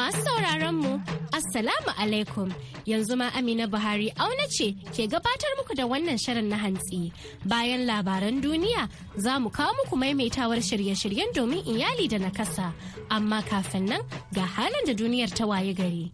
Masu sauraron mu, Assalamu alaikum. Yanzu ma Amina Buhari auna ce ke gabatar muku da wannan shirin na hantsi. Bayan labaran duniya, za mu kawo muku maimaitawar shirye-shiryen domin iyali da nakasa. Amma kafin nan ga halin da duniyar ta waye gari.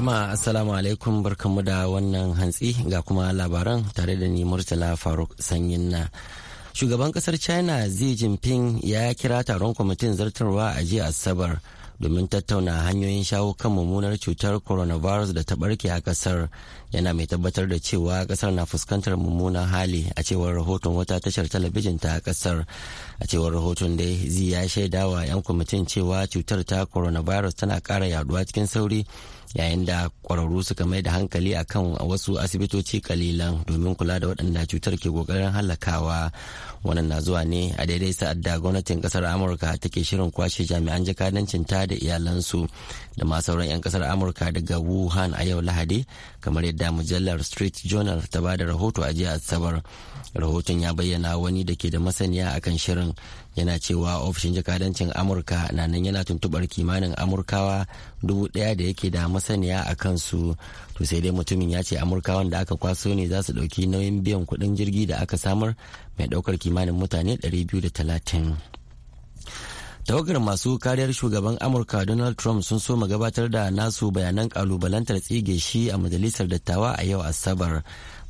Jama'a Assalamu alaikum barkanmu da wannan hantsi ga kuma labaran tare da ni Murtala Faruk Sanyin na. Shugaban kasar China Xi Jinping ya kira taron kwamitin zartarwa a jiya Asabar domin tattauna hanyoyin shawo kan mummunar cutar coronavirus da ta barke a kasar yana mai tabbatar da cewa kasar na fuskantar mummunan hali a cewar rahoton wata tashar talabijin ta kasar a cewar rahoton dai zai ya shaidawa 'yan kwamitin cewa cutar ta coronavirus tana kara yaduwa cikin sauri yayin da kwararru suka mai da hankali akan wasu asibitoci kalilan domin kula da waɗanda cutar ke kokarin halakawa wannan na zuwa ne a daidai sa'ad da gwamnatin ƙasar amurka take shirin kwashe jami'an jakadancin ta da iyalansu da ma sauran 'yan kasar amurka daga wuhan a yau lahadi kamar yadda mujallar street journal ta ba da rahoto a jiya asabar rahoton ya bayyana wani da ke da masaniya akan shirin yana cewa ofishin jakadancin amurka na nan yana tuntubar kimanin amurkawa dubu daya da yake da masaniya a kansu to sai dai mutumin ya ce amurkawan da aka kwaso ne za su ɗauki nauyin biyan kuɗin jirgi da aka samar mai ɗaukar kimanin mutane 230 tawagar masu kariyar shugaban amurka donald trump sun so gabatar da nasu bayanan kalubalantar tsige shi a majalisar dattawa a yau asabar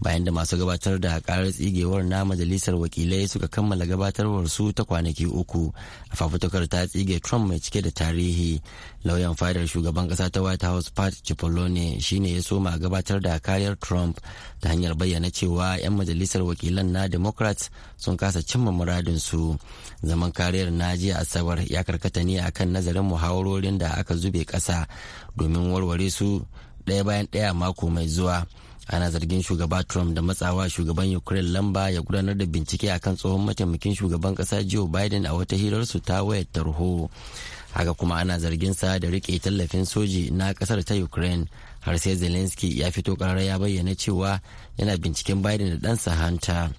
bayan da masu gabatar da karar tsigewar na majalisar wakilai suka kammala gabatarwar su ta kwanaki uku a fafutukar ta tsige trump mai cike da tarihi lauyan fadar shugaban kasa ta white house pat cipollone shine ya soma gabatar da kariyar trump ta hanyar bayyana cewa 'yan majalisar wakilan na democrats sun kasa cimma muradin su zaman kariyar na jiya asabar ya karkata ne akan nazarin muhawarorin da aka zube kasa domin warware su ɗaya bayan ɗaya mako mai zuwa ana zargin shugaba trump da matsawa shugaban ukraine lamba ya gudanar da bincike akan tsohon mataimakin shugaban kasa joe biden a wata hirarsu ta wayar tarho haka kuma ana zargin sa da rike tallafin soji na kasar ta ukraine har sai zelensky ya fito karara ya bayyana cewa yana binciken biden da ɗansa hanta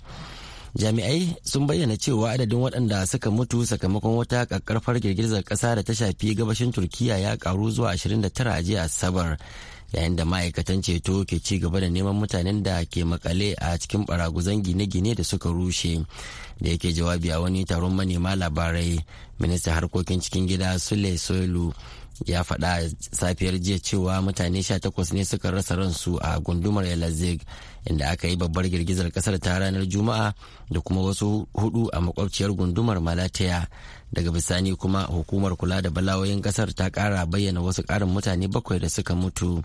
jami'ai sun bayyana cewa adadin waɗanda suka mutu sakamakon wata kakkarfar girgizar ƙasa da ta shafi gabashin turkiya ya ƙaru zuwa 29 a jiya asabar yayin da ma'aikatan ceto ke ci gaba da neman mutanen da ke makale a cikin baraguzan gine-gine da suka rushe da yake jawabi a wani taron manema labarai ministan harkokin cikin gida sule soilu ya faɗa safiyar jiya cewa mutane sha takwas ne suka rasa ransu a gundumar yalazeg inda aka yi babbar girgizar kasar ta ranar juma'a da kuma wasu hudu a makwabciyar gundumar malataya daga bisani kuma hukumar kula da balawoyin kasar ta kara bayyana wasu karin mutane bakwai da suka mutu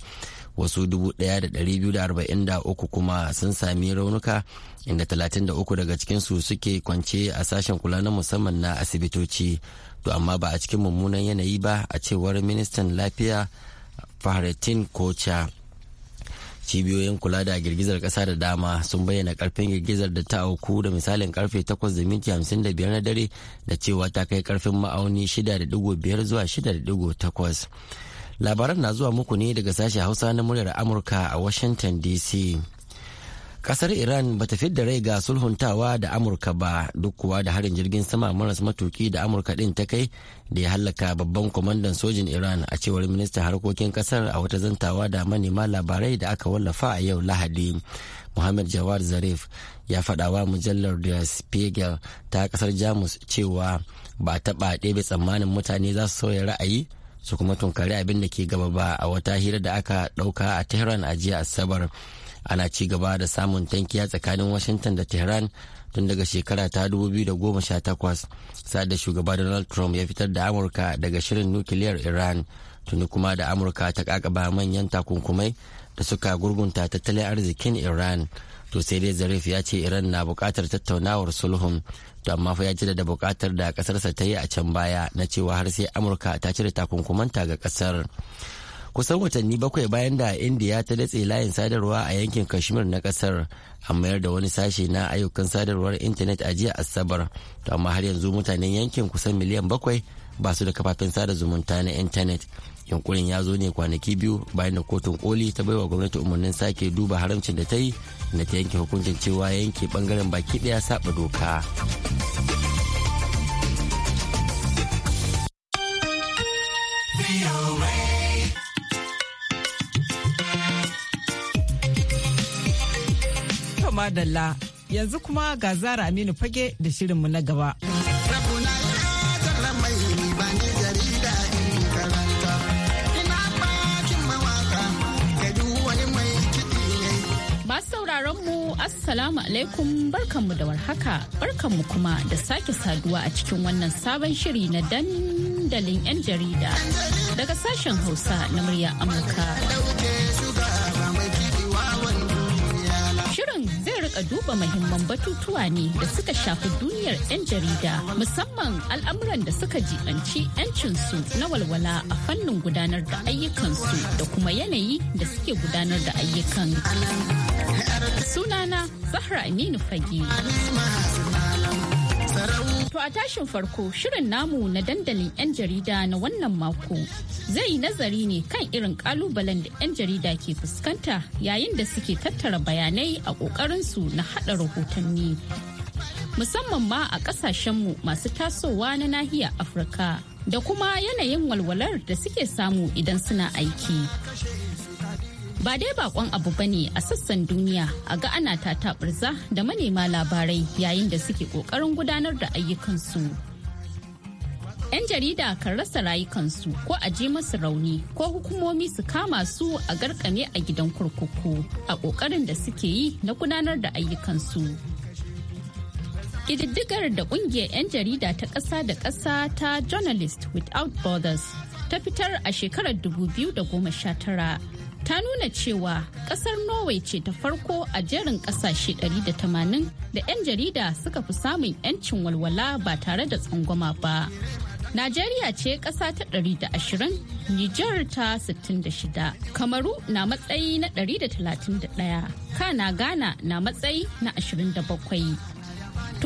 wasu 1,243 kuma sun sami raunuka inda 33 daga cikinsu suke kwance a sashen kula na musamman na asibitoci to amma ba a cikin mummunan yanayi ba a cewar ministan lafiya faharatin kocha cibiyoyin kula da girgizar kasa da dama sun bayyana karfin girgizar da ta auku da misalin karfe 8:55 na dare da cewa ta kai karfin ma'auni 6.5 zuwa 6.8 labaran na zuwa muku ne daga sashen hausa na muryar amurka a washington dc kasar iran ba ta fidda rai ga sulhuntawa da amurka ba duk kuwa da harin jirgin sama maras matuki da amurka din ta kai da ya hallaka babban kwamandan sojin iran a cewar ministan harkokin kasar a wata zantawa da manema labarai da aka wallafa a yau lahadi muhammad jawad zarif ya fadawa mujallar der spiegel ta kasar jamus cewa ba a taɓa ɗebe tsammanin mutane za su sauya ra'ayi su kuma tunkari abin da ke gaba ba a wata hira da aka ɗauka a tehran a jiya asabar ana ci gaba da samun tankiya tsakanin washington da tehran tun daga shekara ta 2018 da shugaba donald trump ya fitar da amurka daga shirin nukiliyar iran tuni kuma da amurka ta kakaba manyan takunkumai da suka gurgunta tattalin arzikin iran to sai dai zarif ya ce iran na bukatar tattaunawar sulhun to amma fa ya ji da bukatar da kasarsa ta yi a can baya na cewa har sai amurka ta cire takunkumanta ga kasar kusan watanni bakwai bayan da india ta datse layin sadarwa a yankin kashmir na kasar a mayar da wani sashe na ayyukan sadarwar intanet a jiya asabar to amma har yanzu mutanen yankin kusan miliyan bakwai ba su da kafafen sada zumunta na intanet yunkurin ya zo ne kwanaki biyu bayan da kotun koli ta baiwa gwamnati umarnin sake duba haramcin da ta yi na ta yanke hukuncin cewa yanke bangaren baki daya saba doka yanzu kuma ga zara aminu fage da shirinmu na gaba. mu assalamu alaikum barkanmu da warhaka barkanmu kuma da sake saduwa a cikin wannan sabon shiri na dandalin 'yan jarida daga sashen hausa na murya amurka. duba mahimman batutuwa ne da suka shafi duniyar 'yan jarida musamman al'amuran da suka jibanci 'yancinsu na walwala a fannin gudanar da ayyukansu da kuma yanayi da suke gudanar da ayyukan. Sunana Zahra Aminu Fage. To a tashin farko shirin namu na dandalin 'yan jarida na wannan mako zai yi nazari ne kan irin kalubalen da 'yan jarida ke fuskanta yayin da suke tattara bayanai a ƙoƙarinsu na haɗa rahotanni. Musamman ma a ƙasashenmu masu tasowa na nahiyar Afirka da kuma yanayin walwalar da suke samu idan suna aiki. Ba dai bakon abu bane a sassan duniya a ga ana ta tatabarza da manema labarai yayin da suke ƙoƙarin gudanar da ayyukansu. 'Yan jarida kan rasa rayukansu ko a ji masu rauni ko hukumomi su kama su a garkame a gidan kurkuku a ƙoƙarin da suke yi na gudanar da ayyukansu. Ƙididdigar da ƙungiyar 'yan jarida ta ƙasa da ƙasa ta Journalist Without Borders ta fitar a shekarar 2019 ta nuna cewa kasar norway ce ta farko a jerin kasashe 180 da 'yan jarida suka fi samun 'yancin walwala ba tare da tsangwama ba Najeriya ce ƙasa ta 120, Nijar ta 66, Kamaru na matsayi na 131, Kana Ghana na matsayi na 27.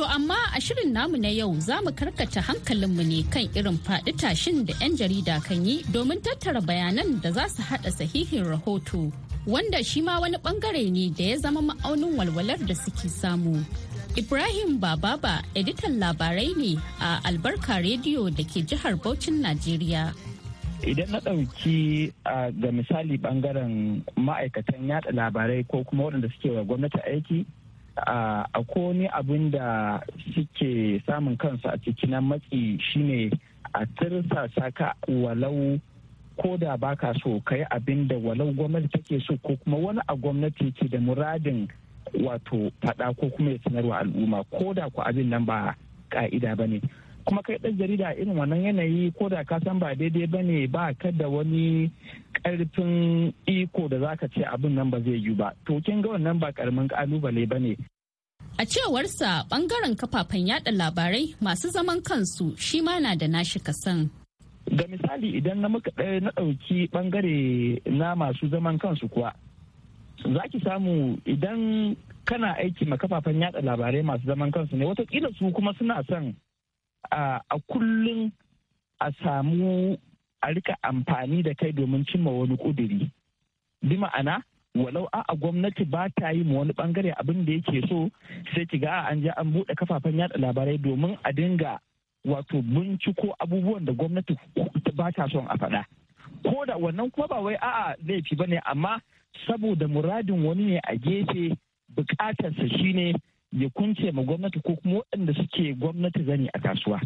To amma a shirin namu na yau za mu karkata hankalinmu ne kan irin faɗi tashin da 'yan jarida kan yi domin tattara bayanan da za su haɗa sahihin rahoto wanda shi ma wani ɓangare ne da ya zama ma'aunin walwalar da suke samu. Ibrahim Bababa editan labarai ne a Albarka Rediyo da ke jihar Bauchin Najeriya. idan na ɗauki ga misali ɓangaren ma'aikatan yada labarai ko kuma waɗanda suke wa gwamnati aiki a kone abin da suke samun kansu a ciki na matsi shine a tirsa saka walau ko da baka so ka yi abin da walau gwamnati take so ko kuma wani a gwamnati ke da muradin wato faɗa ko kuma ya sanarwa al'umma ko da ku abin nan ba ka'ida ba ne kuma kai ɗan jarida irin wannan yanayi ko da ka san ba daidai ba ne ba ka da wani ƙarfin iko da za ka ce abin nan ba zai yi ba to kin ga wannan ba ƙaramin ƙalubale ba ne A cewarsa ɓangaren kafafen yada labarai masu zaman kansu shi ma na da nashi kasan. ga misali idan na muka eh, na ɗauki bangare na masu zaman kansu kuwa, za ki samu idan kana aiki ma kafafen yada labarai masu zaman kansu ne kila su kuma suna son a kullum a samu a rika amfani da kai domin cimma wani kuduri. Bi ma'ana, walau a gwamnati ba ta yi ma wani bangare abin da yake so sai ki ga an je an buɗe kafafen yada labarai domin a dinga wato binciko abubuwan da gwamnati ba ta son a faɗa. Ko da wannan kuma ba wai a'a laifi ba ne amma saboda muradin wani ne a gefe bukatarsa shine ya kunce ma gwamnati ko kuma waɗanda suke gwamnati zani a kasuwa.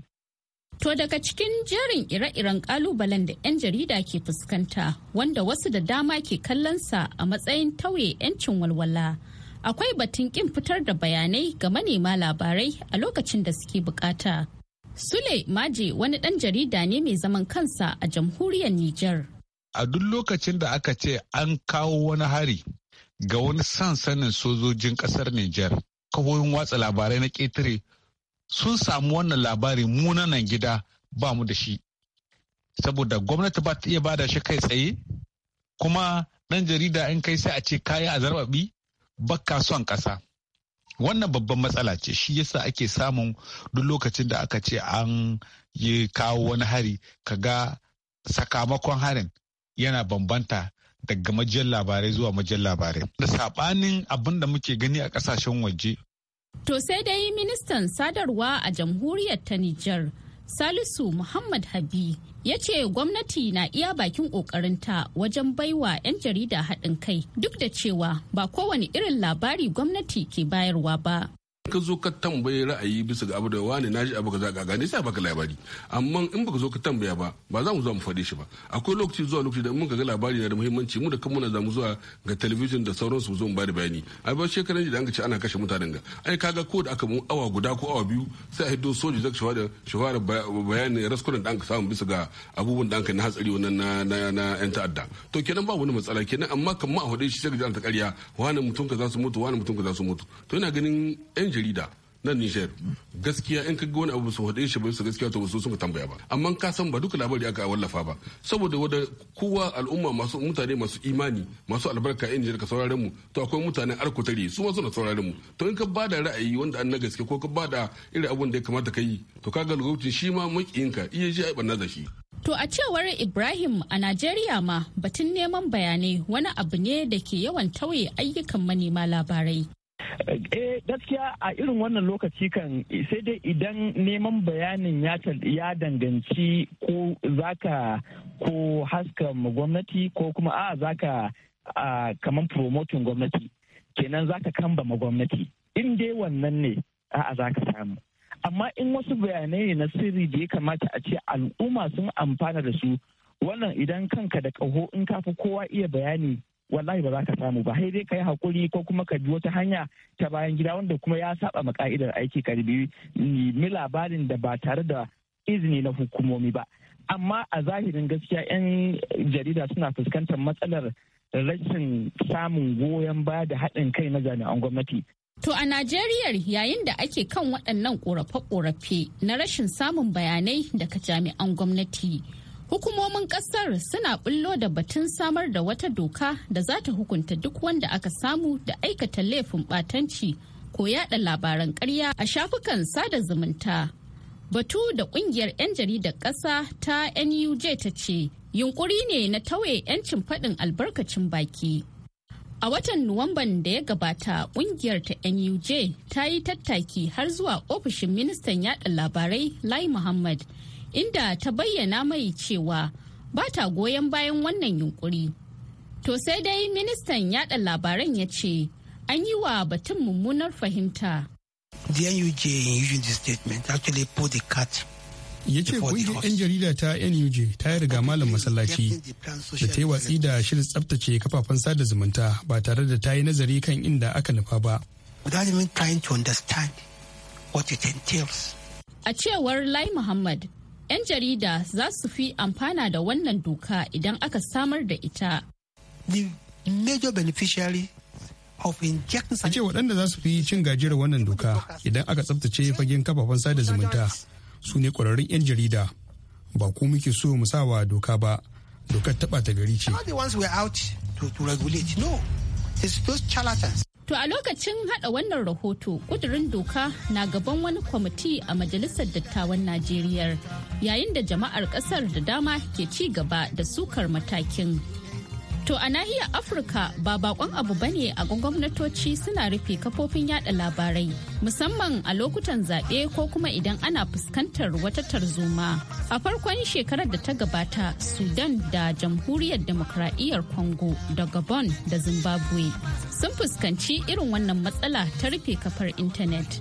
To daga cikin jerin ire-iren kalubalen da 'yan jarida ke fuskanta wanda wasu da dama ke kallonsa a matsayin tauye 'yancin walwala. Akwai batun ƙin fitar da bayanai ga manema labarai a lokacin da suke bukata. Sule Maje wani ɗan jarida ne mai zaman kansa a jamhuriyar Nijar. A duk lokacin da aka ce an kawo wani hari ga wani sansanin sojojin ƙasar Nijar, kahohin watsa labarai na ƙetare sun samu wannan labari munanan gida ba mu da shi saboda gwamnati ba ta iya ba da shi kai tsaye kuma ɗan jarida in kai sai a ce kayan a zarbabi bakka son ƙasa wannan babban matsala ce shi yasa ake samun duk lokacin da aka ce an yi kawo wani hari ka ga sakamakon harin yana bambanta daga majiyar labarai zuwa majiyar labarai da saɓanin abin da muke gani a kasashen waje To sai dai ministan sadarwa a jamhuriyar ta Nijar, Salisu Muhammad Habi, ya ce gwamnati na iya bakin ƙoƙarinta wajen baiwa 'yan jarida haɗin kai duk da cewa ba kowane irin labari gwamnati ke bayarwa ba. ka zo ka tambaye ra'ayi bisa ga abu da wani shi abu kaza kaga gane sai baka labari amma in baka zo ka tambaya ba ba za mu zo mu faɗe shi ba akwai lokaci zuwa lokaci da mun ga labari na da muhimmanci mu da kanmu na zamu zuwa ga talabijin da sauransu su zo mu bada bayani ai ba shekaran da an ce ana kashe mutanen ga ai kaga ko da aka mu awa guda ko awa biyu sai a hiddo soji zaka shawara shawara bayani raskuran da an ka samu bisa ga abubuwan da an ka na hatsari wannan na na yan ta'adda to kenan ba wani matsala kenan amma kan ma a hode shi sai ga ta ƙarya wani mutum ka za su mutu wani mutum ka za su mutu to ina ganin yan jarida na Niger gaskiya in ka ga wani abu su hade shi ba su gaskiya to su suka tambaya ba amma ka san ba duka labari aka wallafa ba saboda wanda kowa al'umma masu mutane masu imani masu albarka in ka sauraron mu to akwai mutanen arkutari su ma suna sauraren mu to in ka bada ra'ayi wanda an na gaske ko ka bada irin abun da ya kamata ka yi to ka ga lokacin shi ma makiyinka iya ji ai banna da shi To a cewar Ibrahim a Najeriya ma batun neman bayanai wani abu ne da ke yawan tauye ayyukan manema labarai eh gaskiya a irin wannan lokaci kan sai dai idan neman bayanin ya danganci ko zaka ko haska gwamnati ko kuma a zaka kaman promotin gwamnati kenan zaka kamba ma gwamnati in dai wannan ne a'a zaka samu amma in wasu bayanai na sirri da ya kamata a ce al'umma sun amfana da su wannan idan kanka da ƙaho in kafi kowa iya bayani wallahi ba za ka samu ba sai dai ka yi hakuri ko kuma ka bi wata hanya ta bayan gida wanda kuma ya saba ma ka'idar aiki ka nemi labarin da ba tare da izini na hukumomi ba amma a zahirin gaskiya 'yan jarida suna fuskantar matsalar rashin samun goyon baya da haɗin kai na jami'an gwamnati To a Najeriya yayin da ake kan waɗannan ƙorafe-ƙorafe na rashin samun bayanai daga jami'an gwamnati Hukumomin kasar suna bullo da batun samar da wata doka da za ta hukunta duk wanda aka samu da aikata laifin batanci ko yada labaran karya a shafukan sada zumunta. Batu da ƙungiyar 'yan jaridar ƙasa ta NUJ ta ce yunkuri ne na tauye 'yancin faɗin albarkacin baki. A watan Nuwamban da ya gabata kungiyar ta NUJ ta yi tattaki har zuwa ofishin ministan yada labarai Lai Muhammad inda ta bayyana mai cewa ba ta goyon bayan wannan yunkuri. To sai dai ministan yada labaran ya ce an yi wa batun mummunar fahimta. The NUJ in using this statement actually put the cat ya ce kungiyar 'yan jarida ta nuj ta yi riga malam masallaci da ta yi watsi da shirin tsabtace kafafen sada zumunta ba tare da ta yi nazari kan inda aka nufa ba a cewar lai muhammad 'yan jarida za su fi amfana da wannan doka idan aka samar da ita. The a ce waɗanda za su fi cin gajiyar wannan doka idan aka tsabtace fagen kafafen sada zumunta su ne ƙwararrun 'yan jarida ba ku muke so mu sa wa doka ba dokar taɓa ta gari ce. To a lokacin hada wannan rahoto kudurin doka na gaban wani kwamiti a Majalisar Dattawan Najeriya yayin da jama'ar kasar da dama ke ci gaba da sukar matakin. To a nahiyar Afirka ba bakon abu ba ne a gwamnatoci suna rufe kafofin yada labarai musamman a lokutan zaɓe ko kuma idan ana fuskantar wata tarzoma. A farkon shekarar da ta gabata Sudan da Jamhuriyar Demokradiyyar Congo da Gabon da Zimbabwe sun fuskanci irin wannan matsala ta rufe kafar intanet.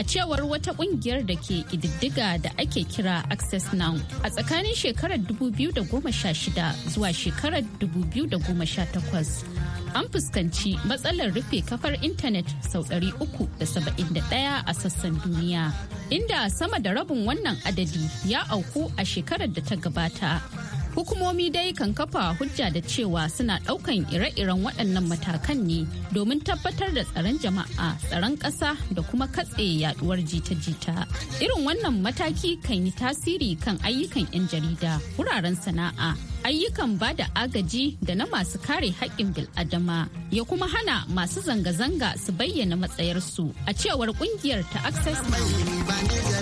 A cewar wata kungiyar da ke ƙididdiga da ake kira Access Now a tsakanin shekarar 2016 zuwa shekarar 2018 an fuskanci matsalar rufe kafar intanet sau 371 a sassan duniya inda sama da rabin wannan adadi ya auku a shekarar da ta gabata Hukumomi dai kan kafa hujja da cewa suna ɗaukan ire-iren waɗannan matakan ne domin tabbatar da tsaron jama'a, tsaron ƙasa da kuma katse yaduwar jita-jita. Irin wannan mataki kan yi tasiri kan ayyukan 'yan jarida, wuraren sana'a ayyukan ba da agaji da na masu kare haƙƙin bil'adama ya kuma hana masu zanga-zanga su bayyana matsayarsu a cewar ƙungiyar ta access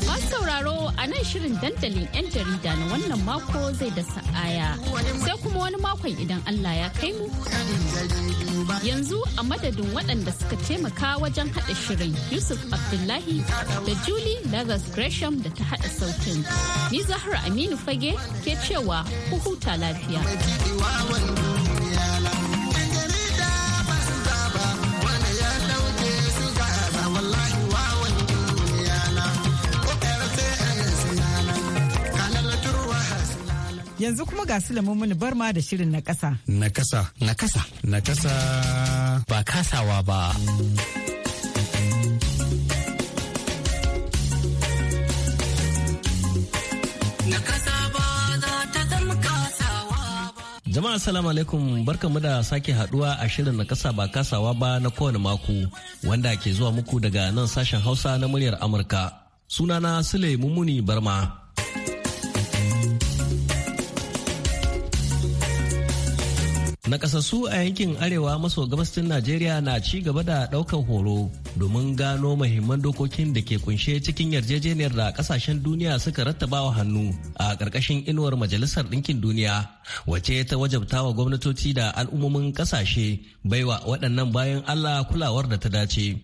masu sauraro a nan shirin dandalin 'yan jarida na wannan mako zai da sa'aya sai kuma wani makon idan allah ya kai mu yanzu a madadin waɗanda suka taimaka wajen haɗa shirin yusuf abdullahi da julie lagos gresham da ta haɗa sautin ni zahra aminu fage ke cewa huhuta lafiya. Yanzu kuma ga bar barma da shirin na kasa. Na kasa. Na kasa. Na kasa. Ba kasawa ba. Jama'a salamu alaikum barkamu da sake haduwa a shirin na kasa ba kasawa ba na kowane mako wanda ke zuwa muku daga nan sashen Hausa na muryar Amurka. Sunana Sule Mumuni Barma. Nakasassu a yankin Arewa maso gabashin Najeriya na ci gaba da ɗaukan horo domin gano mahimman dokokin da ke kunshe cikin yarjejeniyar da ƙasashen duniya suka rattaba wa hannu a ƙarƙashin inuwar Majalisar Ɗinkin Duniya, wace ta wajabta wa gwamnatoci da al'ummomin ƙasashe baiwa waɗannan bayan Allah kulawar da ta dace.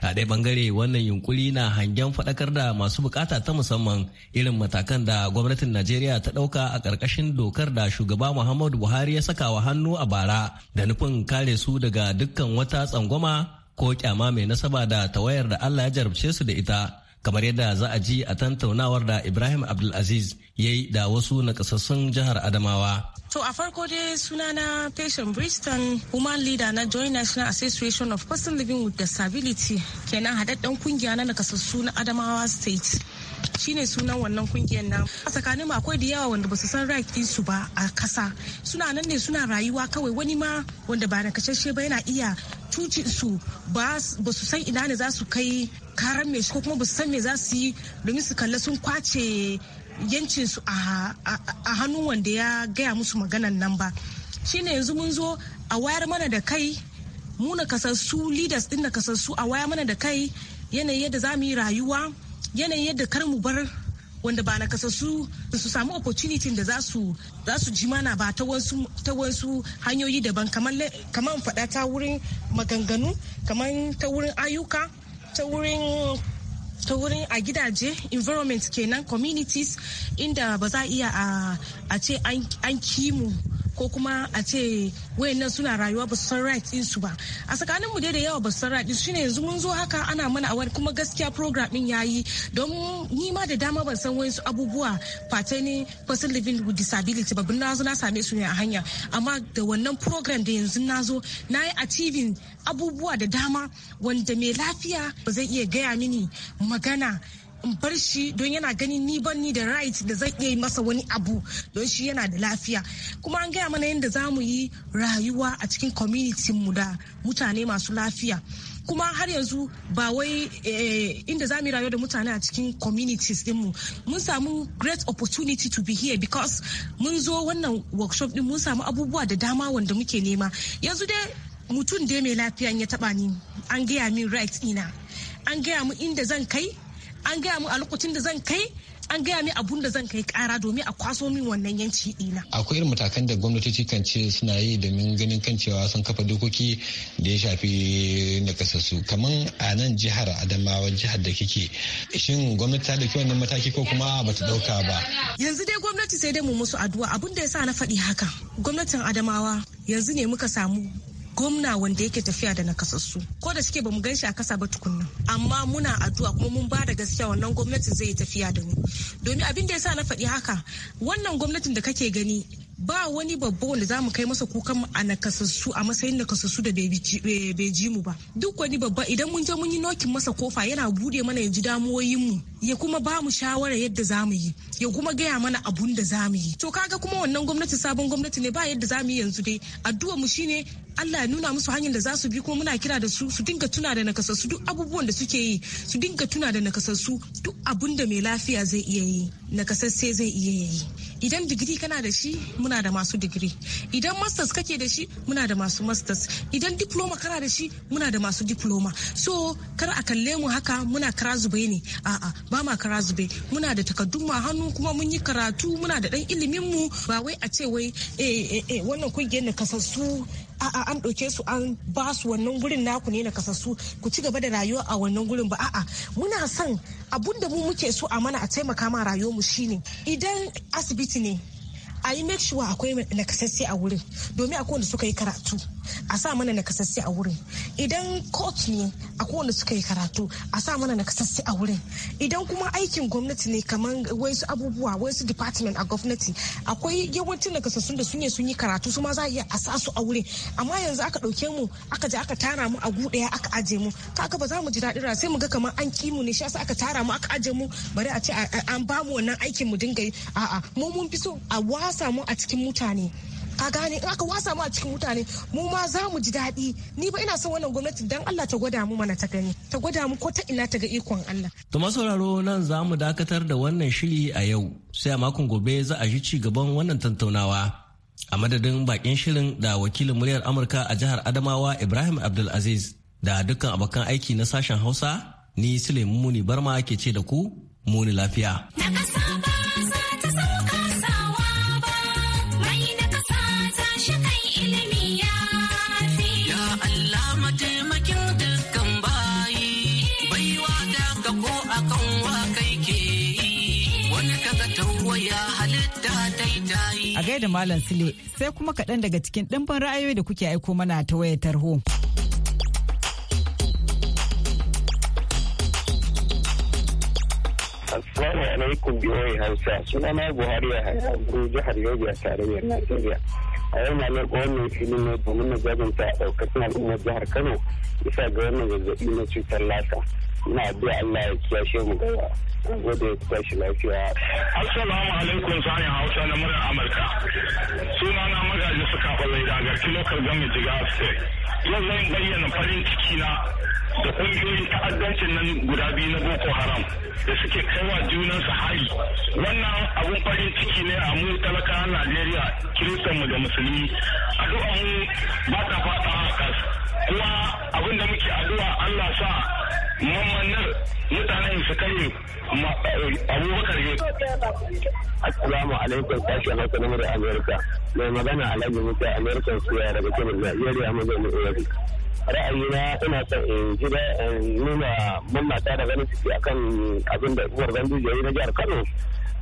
a ɗaya bangare wannan yunkuri na hangen faɗakar da masu bukata ta musamman irin matakan da gwamnatin najeriya ta ɗauka a ƙarƙashin dokar da shugaba muhammadu buhari ya saka wa hannu a bara da nufin kare su daga dukkan wata tsangwama ko kyama mai nasaba da tawayar da allah ya jarabce su da ita kamar yadda za a ji a tantaunawar da Ibrahim Abdulaziz ya yi da wasu nakasassun jihar Adamawa. To a farko dai sunana Patient Briston, human leader na Joint National Association of Person Living with Disability, kenan haɗaɗɗen kungiya na nakasassu na Adamawa State. shine sunan wannan kungiyar nan a tsakanin mu akwai da yawa wanda basu san right din su ba a kasa suna nan ne suna rayuwa kawai wani ma wanda ba nakasasshe ba yana iya cuci su ba su san ina ne za su kai karan mai shi ko kuma ba su san me za su yi domin su kalla sun kwace yancin su a hannun wanda ya gaya musu maganan nan ba shine yanzu mun zo a wayar mana da kai mu na kasassu leaders din na kasassu a wayar mana da kai yanayin yadda za mu yi rayuwa yanayin yadda kar mu bar wanda ba na kasassu su samu opportunity da za su ji mana ba ta wasu ta wasu hanyoyi daban kamar faɗa ta wurin maganganu kamar ta wurin ayyuka ta wurin ta wurin a gidaje environment kenan communities inda ba za a iya a ce an kimu ko kuma a ce wayannan suna rayuwa ba san right din su ba a tsakanin mu dai da yawa ba san right din ne yanzu mun zo haka ana mana awar kuma gaskiya program din yayi don ni ma da dama ban san wayansu abubuwa fata ni person living with disability ba na zo na same su ne a hanya amma da wannan program da yanzu na zo na yi achieving abubuwa da dama wanda mai lafiya ba zai iya gaya mini magana in bar shi don yana ganin ni ban ni da right da zan iya yi masa wani abu don shi yana da lafiya kuma an gaya mana yadda za mu yi rayuwa a cikin community mu da mutane masu lafiya kuma har yanzu ba wai eh, inda za mu rayu da mutane a cikin communities dinmu mun samu great opportunity to be here because mun zo wannan workshop din mun samu abubuwa da dama wanda muke nema yanzu dai mutum dai mai lafiya ya taba ni an gaya min right ina an gaya mu inda zan kai an gaya mu a lokacin da zan kai an gaya min abun da zan kai kara domin a kwaso min wannan yanci dina. Akwai irin matakan da gwamnatoci kan ce suna yi domin ganin kan cewa sun kafa dokoki da ya shafi na nakasassu kaman a nan jihar Adamawa jihar da kike shin gwamnati ta dauki wannan mataki ko kuma bata dauka ba. Yanzu dai gwamnati sai dai mu musu addu'a abun da ya sa na faɗi haka gwamnatin Adamawa yanzu ne muka samu gwamna wanda yake tafiya da nakasassu ko da suke bamu gan shi a kasa ba tukunna amma muna addu'a kuma mun ba da gaskiya wannan gwamnatin zai tafiya da mu domin abin da yasa na faɗi haka wannan gwamnatin da kake gani ba wani babba wanda za mu kai masa kukan a nakasassu a matsayin nakasassu da bai ji mu ba duk wani babba idan mun je mun yi nokin masa kofa yana bude mana ya ji damuwoyin mu ya kuma ba mu shawara yadda za mu yi ya kuma gaya mana abun da za mu yi to kaga kuma wannan gwamnati sabon gwamnati ne ba yadda za mu yi yanzu dai addu'a mu shine Allah ya nuna musu hanyar da za su bi kuma muna kira da su su dinga tuna da nakasassu duk abubuwan da suke yi su dinga tuna da nakasassu duk abun da mai lafiya zai iya yi nakasasse zai iya yi idan digiri kana da shi muna muna da masu digiri idan masters kake da shi muna da masu masters idan diploma kana da shi muna da masu diploma so kar a kalle mu haka muna kara zube ne a'a ba ma kara zube muna da takaddun ma hannu kuma mun yi karatu muna da dan ilimin mu ba wai a ce wai eh eh, eh wannan kungiyar na kasassu a'a an ɗauke su an ba su wannan gurin naku ne na kasassu ku ci gaba da rayuwa a wannan gurin ba a'a muna son abun da mu muke so a mana a taimaka ma rayuwar mu shine idan asibiti ne a yi make sure akwai nakasassi a wurin domin akwai wanda suka yi karatu a sa mana nakasassi a wurin idan court ne akwai wanda suka yi karatu a sa mana nakasassi a wurin idan kuma aikin gwamnati ne kamar wasu abubuwa wasu department a gwamnati akwai yawancin nakasassun da sunye sun yi karatu su ma za a iya a sa su a wurin amma yanzu aka ɗauke mu aka je aka tara mu a guɗaya aka aje mu kaka ba za mu ji daɗin ra sai mu ga kamar an ki mu ne shi yasa aka tara mu aka aje mu bari a ce an ba mu wannan aikin mu dinga yi a'a mu mun fi so a wasa a cikin mutane ka gane in aka wasa mu a cikin mutane mu ma za mu ji daɗi ni ba ina son wannan gwamnati dan Allah ta gwada mu mana ta gani ta gwada mu ko ta ina ta ga ikon Allah to masauraro nan za mu dakatar da wannan shiri a yau sai a makon gobe za a ji ci gaban wannan tattaunawa. a madadin bakin shirin da wakilin muryar Amurka a jihar Adamawa Ibrahim Abdulaziz da dukkan abokan aiki na sashen Hausa ni Suleiman Muni Barma ke ce da ku muni lafiya gaida Malam Sule sai kuma kaɗan daga cikin ɗimbin ra'ayoyi da kuke aiko mana ta wayar tarho. Assalamu alaikum biyoyi Hausa suna na Buhari a haifar jihar Yobe a tarayyar Najeriya. a yau na leƙo wannan filin ne domin na jajanta a ɗaukacin al'ummar jihar Kano bisa ga wannan zazzaɓi na cutar lasa. na bi Allah ya kiyashe mu gaba gode ya shi lafiya assalamu alaikum sani hausa na murar amurka suna na magaji suka falai da garki local government ga state yau zan bayyana farin ciki na da kungiyoyin ta'addancin nan guda biyu na boko haram da suke kaiwa junan su hari wannan abun farin ciki ne a mu talakawan najeriya kiristan mu da musulmi addu'a mu ba ta fata kuma abin da muke addu'a Allah sa mamannar mutanen su kare eh, abubakar ne. Assalamu alaikum sashen hausa na murar Amerika. Mai magana Alhaji Musa Amerikan suya daga kebin Najeriya mazauni Oyafi. Ra'ayina ina son in ji da nuna mamata da ganin ciki akan abin da uwar gandu ya yi na jihar Kano.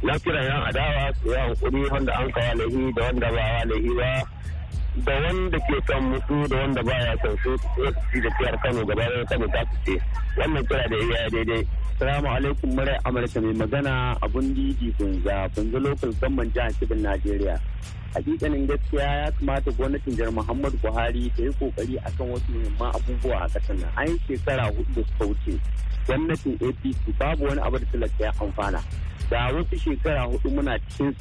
Na kira yan adawa su yi hankuri wanda an kawa lahi da wanda ba wa lahi ba. da wanda ke son musu da wanda baya son su su da jihar Kano gaba da Kano ta su ce wannan kira da iya daidai salamu alaikum murai Amurka mai magana abun didi gunza gunza local government jihar cibin Najeriya hakikanin gaskiya ya kamata gwamnatin jihar Muhammadu Buhari ta yi kokari akan wasu muhimman abubuwa a kasar nan an yi shekara hudu da suka wuce gwamnatin APC babu wani abu da talaka ya amfana da wasu shekara hudu muna cikin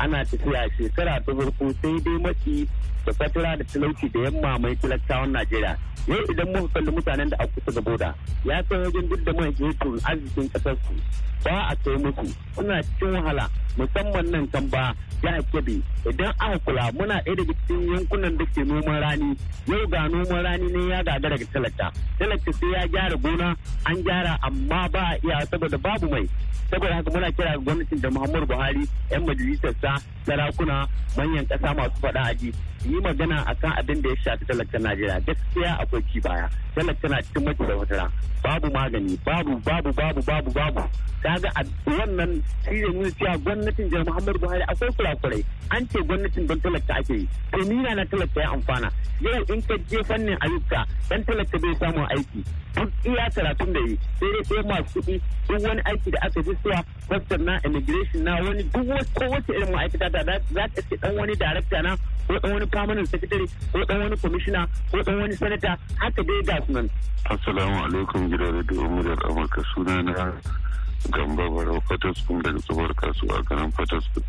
ana tafiya shekara ta farko sai dai matsi da fatira da talauci da yamma mai talakawan Najeriya. Yau idan muka kalli mutanen da a kusa da boda ya san wajen duk da mai tun arzikin kasar su ba a kai musu suna cikin wahala musamman nan kan ba ya Kebbi idan aka kula muna ɗaya daga cikin yankunan da ke noman rani yau ga noman rani ne ya gagara ga talaka talaka sai ya gyara gona an gyara amma ba a iya saboda babu mai saboda haka muna kira gwamnatin da Muhammadu Buhari yan majalisarsa sarakuna manyan ƙasa masu faɗa aji yi magana akan abin da ya shafi talakan Najeriya gaskiya akwai ci baya talaka na cikin mace da fatara babu magani babu babu babu babu babu kaga a wannan shi ne nuna cewa gwamnatin jihar Muhammadu Buhari akwai kurakurai an ce gwamnatin don talaka ake yi to ni na na talaka ya amfana yau in ka je fannin ayyuka dan talaka bai samu aiki duk iya karatun da yi sai dai sai masu kuɗi duk wani aiki da aka ji suwa kwastar na immigration na wani duk wata irin ma'aikata da za ta ce dan wani darakta na ko dan wani permanent secretary ko dan wani commissioner ko dan wani senator haka dai ga sunan assalamu alaikum gidan radio muryar amurka suna na gamba barau kun daga tsohuwar kasuwa a garin fataskum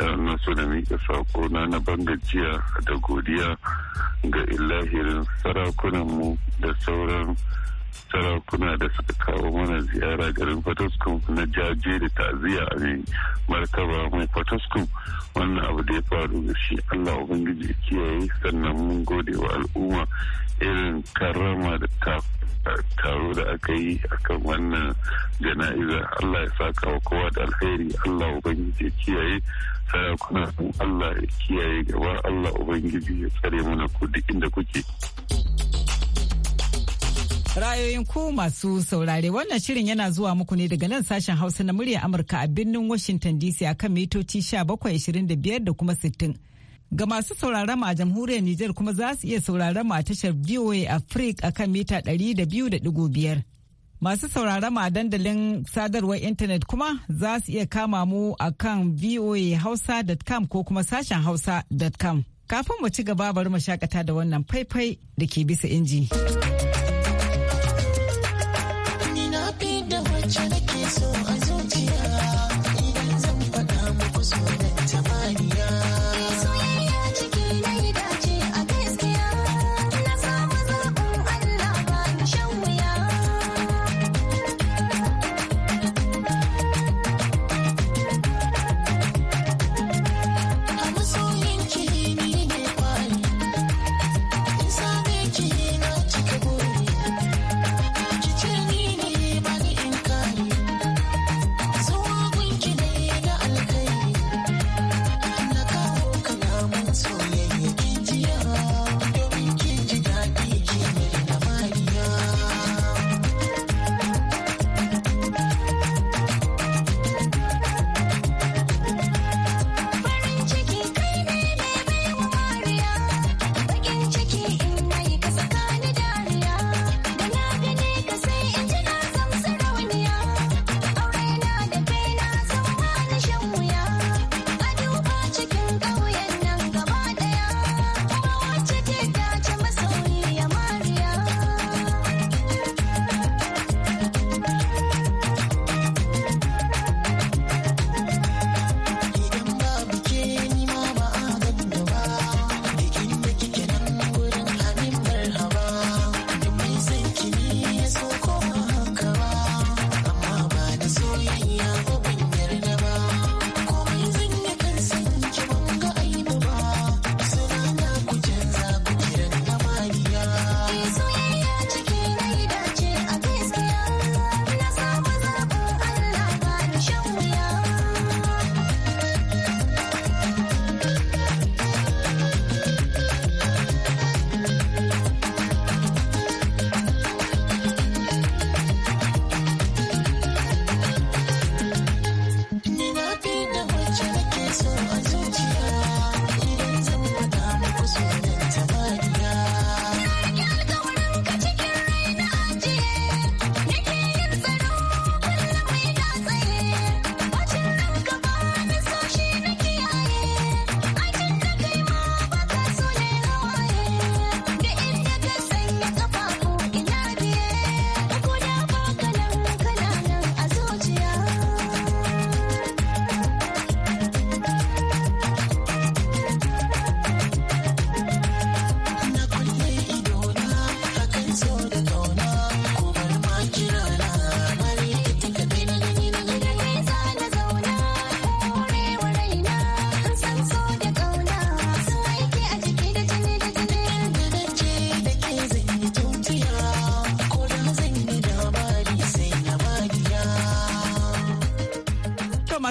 eh, na so da miƙa sako na na bangajiya da godiya ga ilahirin sarakunanmu da sauran sarakuna da suka kawo mana ziyara garin fatoskum na jaje da ta'aziyya a mai markaba mai fatoskum wannan abu da ya faru da shi allah ubangiji kiyaye sannan mun gode wa al'umma irin karama da taro da aka yi akan wannan jana'iza Allah ya saka wa kowa da alheri Allah ubangiji ya kiyaye sarakuna Allah ya kiyaye gaba Allah ubangiji ya tsare mana ku inda kuke. Ra'ayoyin ku masu saurare wannan shirin yana zuwa muku ne daga nan sashen Hausa na murya Amurka a birnin Washington DC akan mitoci 1725 da kuma sittin Ga masu sauraron mu a jamhuriyar Nijar kuma za su iya sauraron mu a tashar VOA Africa akan mita ɗari da da biyu biyar Masu mu a dandalin sadarwar intanet kuma za su iya kama mu a kan voahausa.com ko kuma sashen hausa.com. Kafin mu ci gaba bari mu shakata da wannan faifai da ke bisa inji.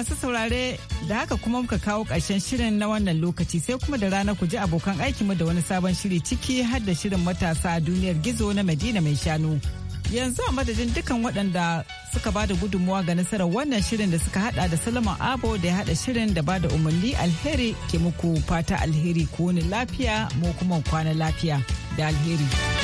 masu saurare da haka kuma muka kawo ƙarshen shirin na wannan lokaci sai kuma da rana ku ji abokan mu da wani sabon shiri ciki har da shirin matasa a duniyar gizo na Madina mai shanu. Yanzu a madadin dukan waɗanda suka ba da gudunmuwa ga nasarar wannan shirin da suka hada da Salman Abo da ya hada shirin da ba da umarni alheri ke muku fata alheri ko wani lafiya mu kuma kwana lafiya da alheri.